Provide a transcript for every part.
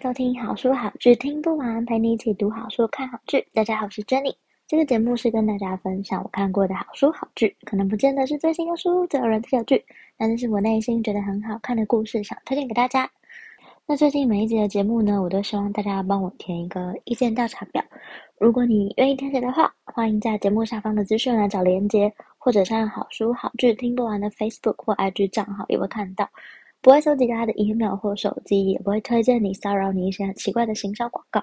收聽好書好劇，聽不完，陪你一起讀好書、看好劇。大家好，我是 Jenny。這個節目是跟大家分享我看過的好書好劇，可能不見得是最新的書、最熱門的劇，但這是我內心覺得很好看的故事，想推薦給大家。那最近每一集的節目呢，我都希望大家幫我填一個意見調查表。如果你願意填寫的話，歡迎在節目下方的資訊來找連結，或者上好書好劇聽不完的 Facebook 或 IG 賬號也會看到。不會收集大家的 email 或手機，也不會推薦你騷擾你一些很奇怪的行銷廣告，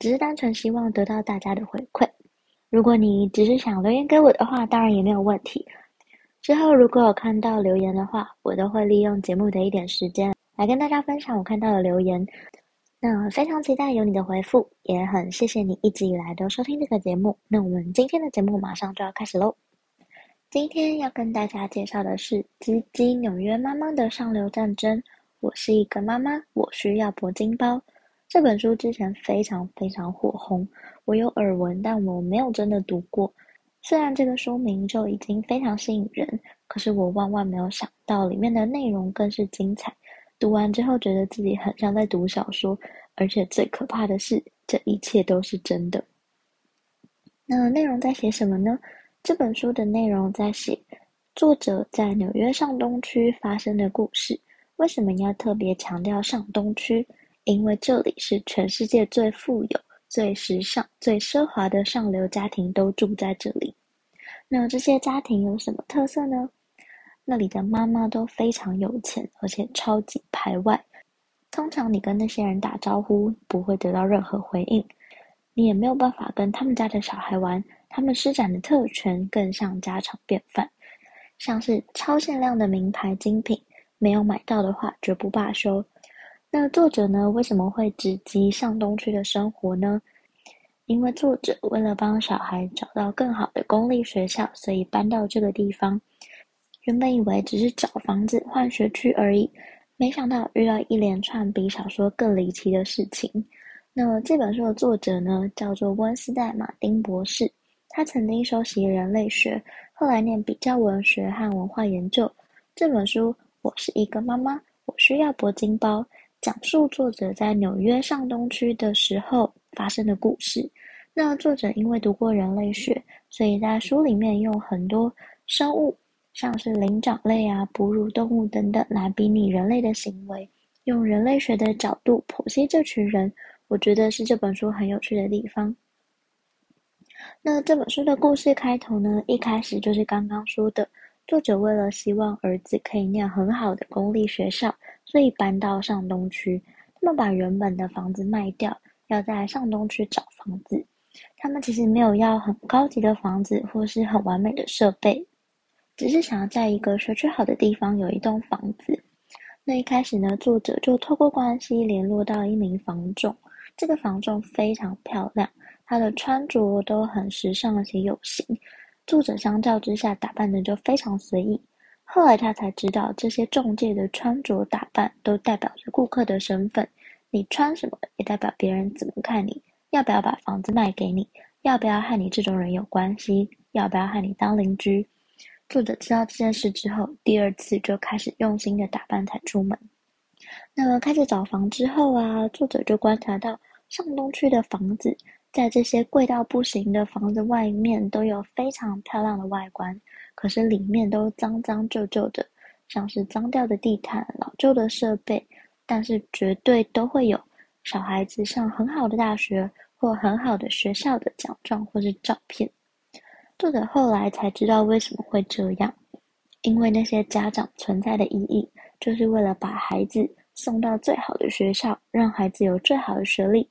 只是單純希望得到大家的回饋。如果你只是想留言給我的話，當然也沒有問題。之後如果有看到留言的話，我都會利用節目的一點時間來跟大家分享我看到的留言。那非常期待有你的回復，也很謝謝你一直以來都收聽這個節目。那我們今天的節目馬上就要開始嘍。今天要跟大家介紹的是《窺探紐約媽媽的上流戰爭》。我是一個媽媽，我需要柏金包。這本書之前非常非常火紅，我有耳聞，但我沒有真的讀過。雖然這個書名就已經非常吸引人，可是我萬萬沒有想到裡面的內容更是精彩。讀完之後，覺得自己很像在讀小說，而且最可怕的是，這一切都是真的。那內容在寫什麼呢？這本書的內容在寫作者在紐約上東區發生的故事。為什麼要特別強調上東區？因為這裡是全世界最富有、最時尚、最奢華的上流家庭都住在這裡。那這些家庭有什麼特色呢？那裡的媽媽都非常有錢，而且超級排外。通常你跟那些人打招呼，不會得到任何回應。你也沒有辦法跟他們家的小孩玩。他們施展的特權更像家常便飯，像是超限量的名牌精品，沒有買到的話絕不罷休。那作者呢？為什麼會直擊上東區的生活呢？因為作者為了幫小孩找到更好的公立學校，所以搬到這個地方。原本以為只是找房子換學區而已，沒想到遇到一連串比小說更離奇的事情。那麼這本書的作者呢？叫做溫斯代·馬丁博士。他曾經修習人類學，後來念比較文學和文化研究。這本書《我是一個媽媽，我需要柏金包》講述作者在紐約上東區的時候發生的故事。那作者因為讀過人類學，所以在書裡面用很多生物，像是靈長類啊、哺乳動物等等，來比擬人類的行為。用人類學的角度剖析這群人，我覺得是這本書很有趣的地方。那這本書的故事開頭呢，一開始就是剛剛說的，作者為了希望兒子可以念很好的公立學校，所以搬到上東區。他們把原本的房子賣掉，要在上東區找房子。他們其實沒有要很高級的房子，或是很完美的設備，只是想要在一個學區好的地方有一棟房子。那一開始呢，作者就透過關係聯絡到一名房仲，這個房仲非常漂亮。他的穿着都很時尚且有型，作者相較之下打扮的就非常隨意。後來他才知道，這些中介的穿着打扮都代表着顧客的身份。你穿什麼，也代表別人怎麼看你，要不要把房子賣給你，要不要和你這種人有關係，要不要和你當鄰居。作者知道這件事之後，第二次就開始用心的打扮才出門。那麼開始找房之後啊，作者就觀察到上東區的房子。在這些貴到不行的房子外面，都有非常漂亮的外觀，可是裡面都髒髒舊舊的，像是髒掉的地毯、老舊的設備，但是絕對都會有小孩子上很好的大學或很好的學校的獎狀或是照片。作者後來才知道為什麼會這樣，因為那些家長存在的意義，就是為了把孩子送到最好的學校，讓孩子有最好的學歷。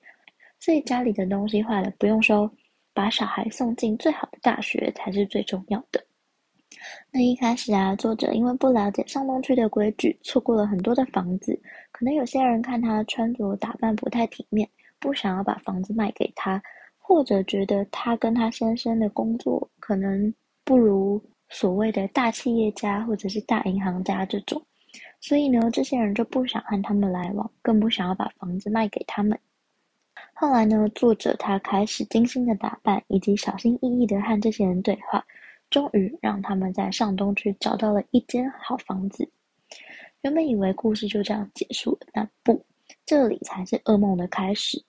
所以家裡的東西壞了不用說，把小孩送進最好的大學，才是最重要的。那一開始啊，作者因為不了解上東區的規矩，錯過了很多的房子。可能有些人看他穿着打扮不太體面，不想要把房子賣給他，或者覺得他跟他先生的工作可能不如所謂的大企業家或者是大銀行家這種，所以呢，這些人就不想和他們來往，更不想要把房子賣給他們。後來呢，作者他開始精心的打扮，以及小心翼翼的和這些人對話，終於讓他們在上東區找到了一間好房子。原本以為故事就這樣結束了，那不，這裡才是噩夢的開始。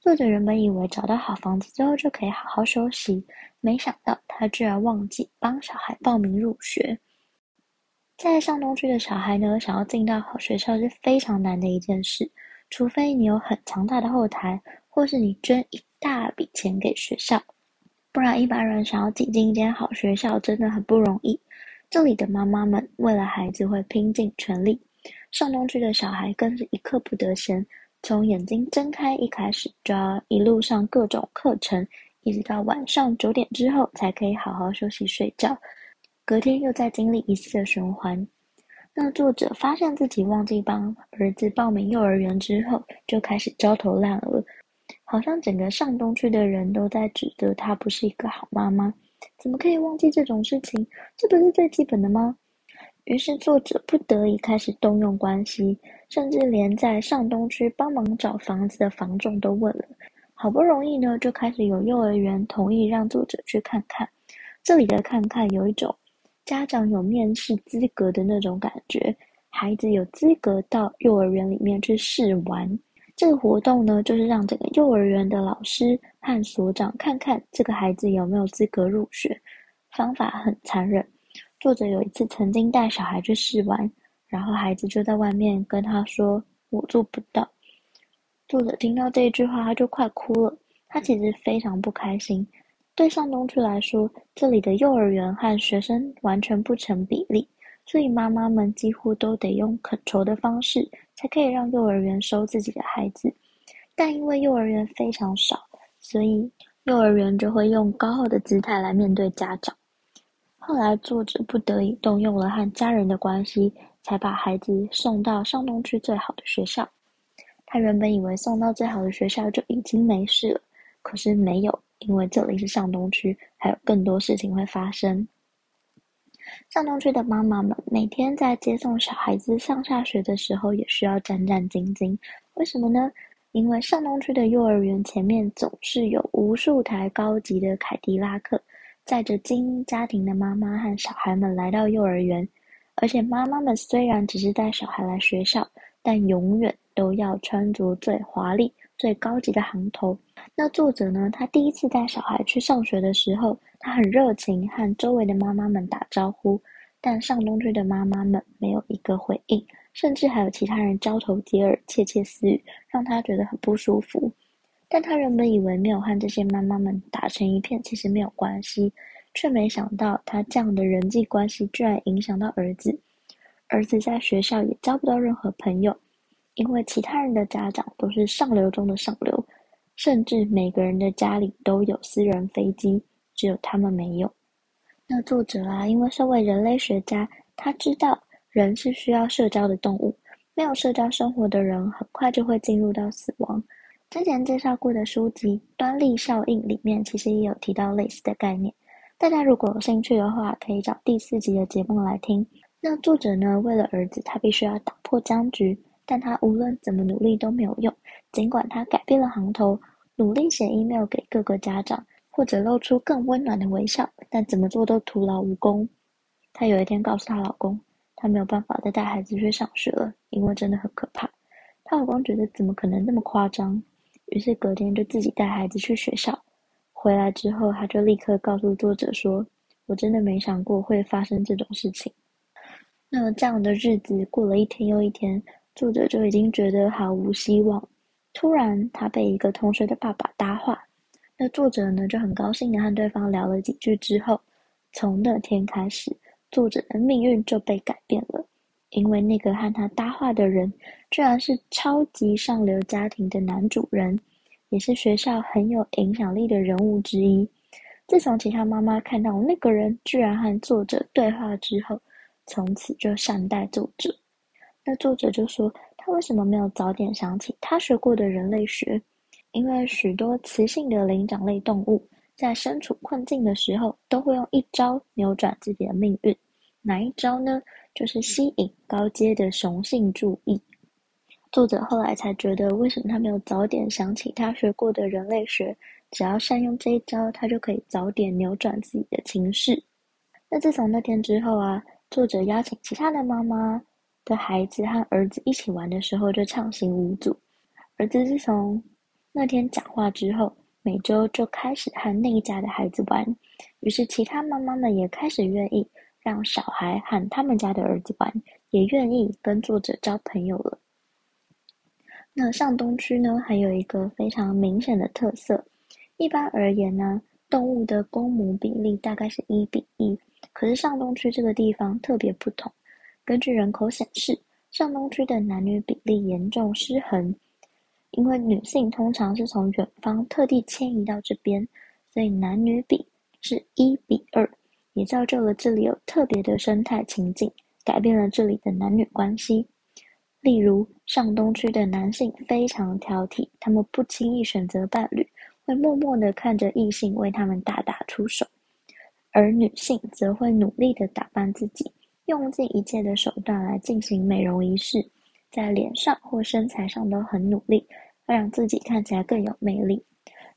作者原本以為找到好房子之後就可以好好休息，沒想到他居然忘記幫小孩報名入學。在上東區的小孩呢，想要進到好學校是非常難的一件事。除非你有很強大的後台，或是你捐一大筆錢給學校，不然一般人想要擠進一間好學校真的很不容易。這裡的媽媽們為了孩子會拼盡全力，上東區的小孩更是一刻不得閒，從眼睛睜開一開始就要一路上各種課程，一直到晚上九點之後才可以好好休息睡覺，隔天又再經歷一次的循環。那作者發現自己忘記幫兒子報名幼兒園之後，就開始焦頭爛額，好像整個上東區的人都在指責她不是一個好媽媽，怎麼可以忘記這種事情？這不是最基本的嗎？於是作者不得已開始動用關係，甚至連在上東區幫忙找房子的房仲都問了，好不容易呢，就開始有幼兒園同意讓作者去看看。這裡的“看看”有一種家長有面試資格的那種感覺，孩子有資格到幼兒園裡面去試玩。這個活動呢，就是讓整個幼兒園的老師和所長看看這個孩子有沒有資格入學。方法很殘忍。作者有一次曾經帶小孩去試玩，然後孩子就在外面跟他說：“我做不到。”作者聽到這一句話，他就快哭了。他其實非常不開心。對上東區來說，這裡的幼兒園和學生完全不成比例，所以媽媽們幾乎都得用懇求的方式，才可以讓幼兒園收自己的孩子。但因為幼兒園非常少，所以幼兒園就會用高傲的姿態來面對家長。後來，作者不得已動用了和家人的關係，才把孩子送到上東區最好的學校。他原本以為送到最好的學校就已經沒事了，可是沒有。因為這裡是上東區，還有更多事情會發生。上東區的媽媽們每天在接送小孩子上下學的時候，也需要戰戰兢兢。為什麼呢？因為上東區的幼兒園前面總是有無數台高級的凱迪拉克，載着精英家庭的媽媽和小孩們來到幼兒園。而且媽媽們雖然只是帶小孩來學校，但永遠都要穿着最華麗。最高級的行頭。那作者呢？他第一次帶小孩去上學的時候，他很熱情和周圍的媽媽們打招呼，但上東區的媽媽們沒有一個回應，甚至還有其他人交頭接耳、竊竊私語，讓他覺得很不舒服。但他原本以為沒有和這些媽媽們打成一片其實沒有關係，卻沒想到他這樣的人際關係居然影響到兒子，兒子在學校也交不到任何朋友。因為其他人的家長都是上流中的上流，甚至每個人的家裡都有私人飛機，只有他們沒有。那作者啊，因為身為人類學家，他知道人是需要社交的動物，沒有社交生活的人很快就會進入到死亡。之前介紹過的書籍《端粒效應》裡面其實也有提到類似的概念，大家如果有興趣的話，可以找第四集的節目來聽。那作者呢，為了兒子，他必須要打破僵局。但她無論怎麼努力都沒有用，儘管她改變了行頭，努力寫 email 給各個家長，或者露出更溫暖的微笑，但怎麼做都徒勞無功。她有一天告訴她老公，她沒有辦法再帶孩子去上學了，因為真的很可怕。她老公覺得怎麼可能那麼誇張，於是隔天就自己帶孩子去學校。回來之後，她就立刻告訴作者說：“我真的沒想過會發生這種事情。”那麼這樣的日子過了一天又一天。作者就已經覺得毫無希望。突然，他被一個同學的爸爸搭話，那作者呢就很高興的和對方聊了幾句之後，從那天開始，作者的命運就被改變了，因為那個和他搭話的人，居然是超級上流家庭的男主人，也是學校很有影響力的人物之一。自從其他媽媽看到那個人居然和作者對話之後，從此就善待作者。那作者就說，他為什麼沒有早點想起他學過的人類學？因為許多雌性的靈長類動物在身處困境的時候，都會用一招扭轉自己的命運。哪一招呢？就是吸引高階的雄性注意。作者後來才覺得，為什麼他沒有早點想起他學過的人類學？只要善用這一招，他就可以早點扭轉自己的情勢。那自從那天之後啊，作者邀請其他的媽媽。的孩子和兒子一起玩的時候，就暢行無阻。兒子自從那天講話之後，每周就開始和那一家的孩子玩，於是其他媽媽們也開始願意讓小孩和他們家的兒子玩，也願意跟作者交朋友了。那上東區呢，還有一個非常明顯的特色：一般而言呢，動物的公母比例大概是一比一，可是上東區這個地方特別不同。根據人口顯示，上東區的男女比例嚴重失衡，因為女性通常是從遠方特地遷移到這邊，所以男女比是一比二，也造就了這裡有特別的生態情境，改變了這裡的男女關係。例如，上東區的男性非常挑剔，他們不輕易選擇伴侶，會默默的看着異性為他們大打出手，而女性則會努力的打扮自己。用盡一切的手段來進行美容儀式，在臉上或身材上都很努力，會讓自己看起來更有魅力。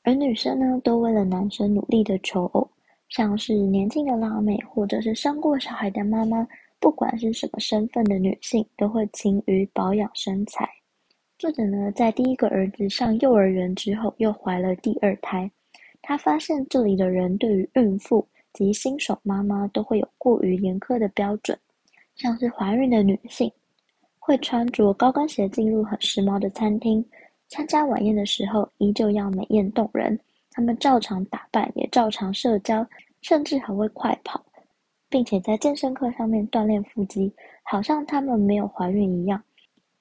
而女生呢，都為了男生努力的求偶，像是年輕的辣妹或者是生過小孩的媽媽，不管是什麼身份的女性，都會勤於保養身材。作者呢，在第一個兒子上幼兒園之後，又懷了第二胎，她發現這裡的人對於孕婦及新手媽媽都會有過於嚴苛的標準，像是懷孕的女性會穿着高跟鞋進入很時髦的餐廳，參加晚宴的時候依舊要美豔動人。她們照常打扮，也照常社交，甚至還會快跑，並且在健身課上面鍛鍊腹肌，好像她們沒有懷孕一樣。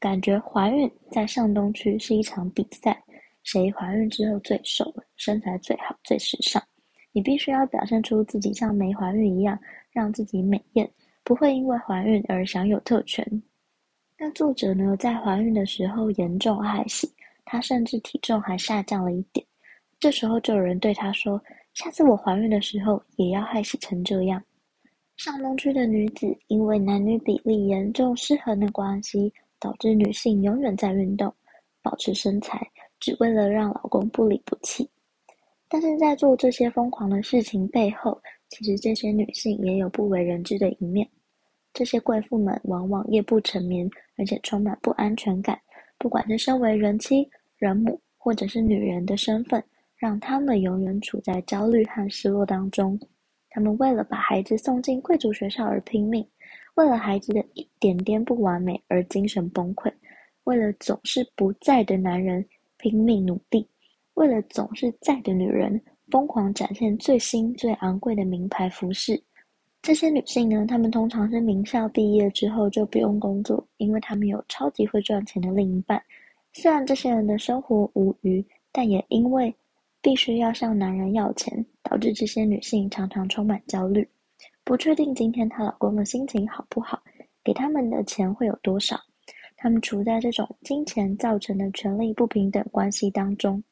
感覺懷孕在上東區是一場比賽，誰懷孕之後最瘦，身材最好，最時尚。你必須要表現出自己像沒懷孕一樣，讓自己美艷，不會因為懷孕而享有特權。那作者呢，在懷孕的時候嚴重害喜，她甚至體重還下降了一點。這時候就有人對她說：“下次我懷孕的時候也要害喜成這樣。”上東區的女子因為男女比例嚴重失衡的關係，導致女性永遠在運動，保持身材，只為了讓老公不離不棄。但是在做這些瘋狂的事情背後，其實這些女性也有不為人知的一面。這些貴婦們往往夜不成眠，而且充滿不安全感。不管是身為人妻、人母，或者是女人的身份，讓她們永遠處在焦慮和失落當中。她們為了把孩子送進貴族學校而拼命，為了孩子的一點點不完美而精神崩潰，為了總是不在的男人拼命努力。為了總是在的女人，瘋狂展現最新最昂貴的名牌服飾。這些女性呢，她們通常是名校畢業之後就不用工作，因為她們有超級會賺錢的另一半。雖然這些人的生活無余，但也因為必須要向男人要錢，導致這些女性常常充滿焦慮，不確定今天她老公的心情好不好，給她們的錢會有多少。她們處在這種金錢造成的權力不平等關係當中。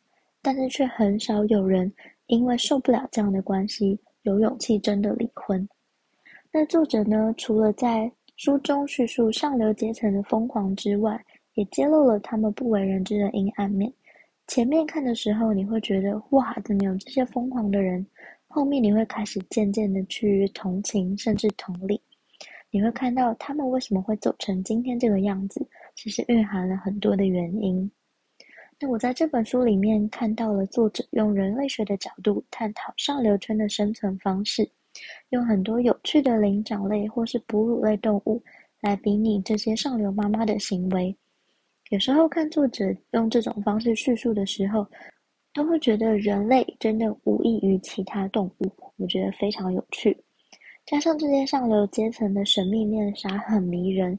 但是卻很少有人因為受不了這樣的關係，有勇氣真的離婚。那作者呢？除了在書中敘述上流階層的瘋狂之外，也揭露了他們不為人知的陰暗面。前面看的時候，你會覺得哇，怎麼有這些瘋狂的人？後面你會開始漸漸的去同情，甚至同理。你會看到他們為什麼會走成今天這個樣子，其實蘊含了很多的原因。我在這本書裡面看到了作者用人類學的角度探討上流圈的生存方式，用很多有趣的靈長類或是哺乳類動物來比擬這些上流媽媽的行為。有時候看作者用這種方式敘述的時候，都會覺得人類真的無異於其他動物，我覺得非常有趣。加上這些上流階層的神秘面紗很迷人，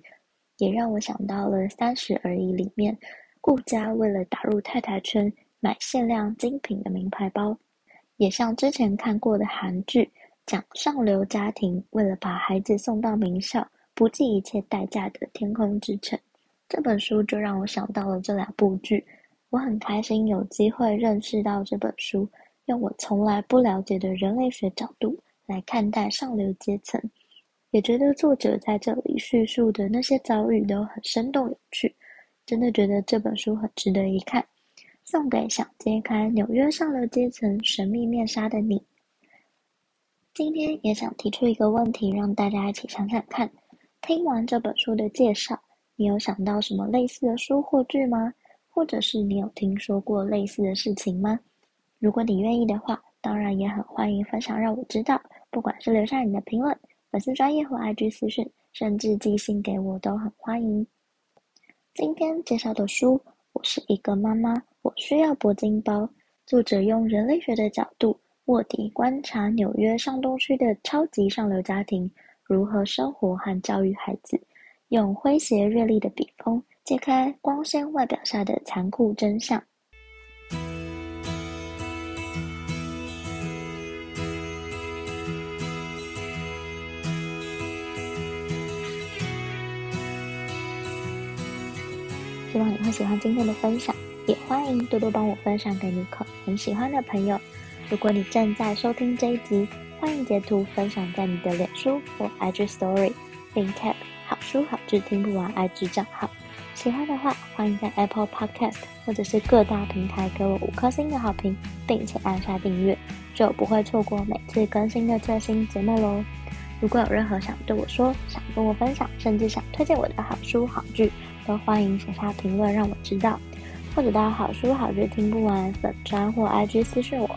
也讓我想到了《三十而已》裡面。顧佳為了打入太太圈，買限量精品的名牌包，也像之前看過的韓劇，講上流家庭為了把孩子送到名校，不計一切代價的《天空之城》。這本書就讓我想到了這兩部劇。我很開心有機會認識到這本書，用我從來不了解的人類學角度來看待上流階層，也覺得作者在這裡敘述的那些遭遇，都很生動有趣。真的覺得這本書很值得一看，送給想揭開紐約上流階層神秘面紗的你。今天也想提出一個問題，讓大家一起想想看：聽完這本書的介紹，你有想到什麼類似的書或劇嗎？或者是你有聽說過類似的事情嗎？如果你願意的話，當然也很歡迎分享讓我知道，不管是留下你的評論、粉絲專頁或 IG 私訊，甚至寄信給我都很歡迎。今天介紹的書《我是一個媽媽，我需要柏金包》，作者用人類學的角度臥底觀察紐約上東區的超級上流家庭如何生活和教育孩子，用詼諧銳利的筆鋒揭開光鮮外表下的殘酷真相。希望你會喜歡今天的分享，也歡迎多多幫我分享給你可很喜歡的朋友。如果你正在收聽這一集，歡迎截圖分享在你的臉書或 IG Story，並 tag 好書好劇聽不完，IG 賬號。喜歡的話，歡迎在 Apple Podcast 或者是各大平台給我五顆星的好評，並且按下訂閱，就不會錯過每次更新的最新節目嘍。如果有任何想對我說、想跟我分享，甚至想推薦我的好書好劇，都歡迎寫下評論讓我知道，或者到好書好劇聽不完，粉專或 IG 私信我，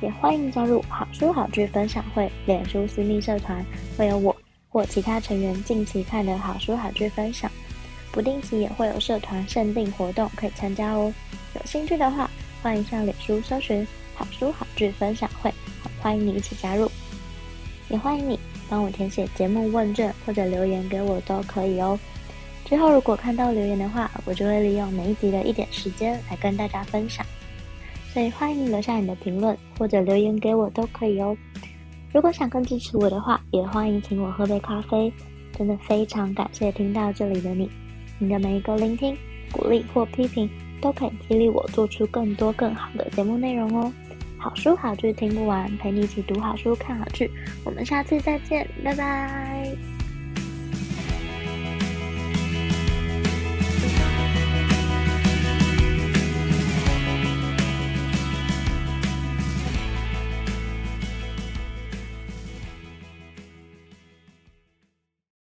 也歡迎加入好書好劇分享會臉書私密社團，會有我或其他成員近期看的好書好劇分享，不定期也會有社團限定活動可以參加哦。有興趣的話，歡迎上臉書搜尋好書好劇分享會，歡迎你一起加入，也歡迎你幫我填寫節目問卷或者留言給我都可以哦。之後如果看到留言的話，我就會利用每一集的一點時間來跟大家分享，所以歡迎留下你的評論或者留言給我都可以哦。如果想更支持我的話，也歡迎請我喝杯咖啡。真的非常感謝聽到這裡的你，你的每一個聆聽、鼓勵或批評，都可以激勵我做出更多更好的節目內容哦。好書好劇聽不完，陪你一起讀好書、看好劇。我們下次再見，拜拜。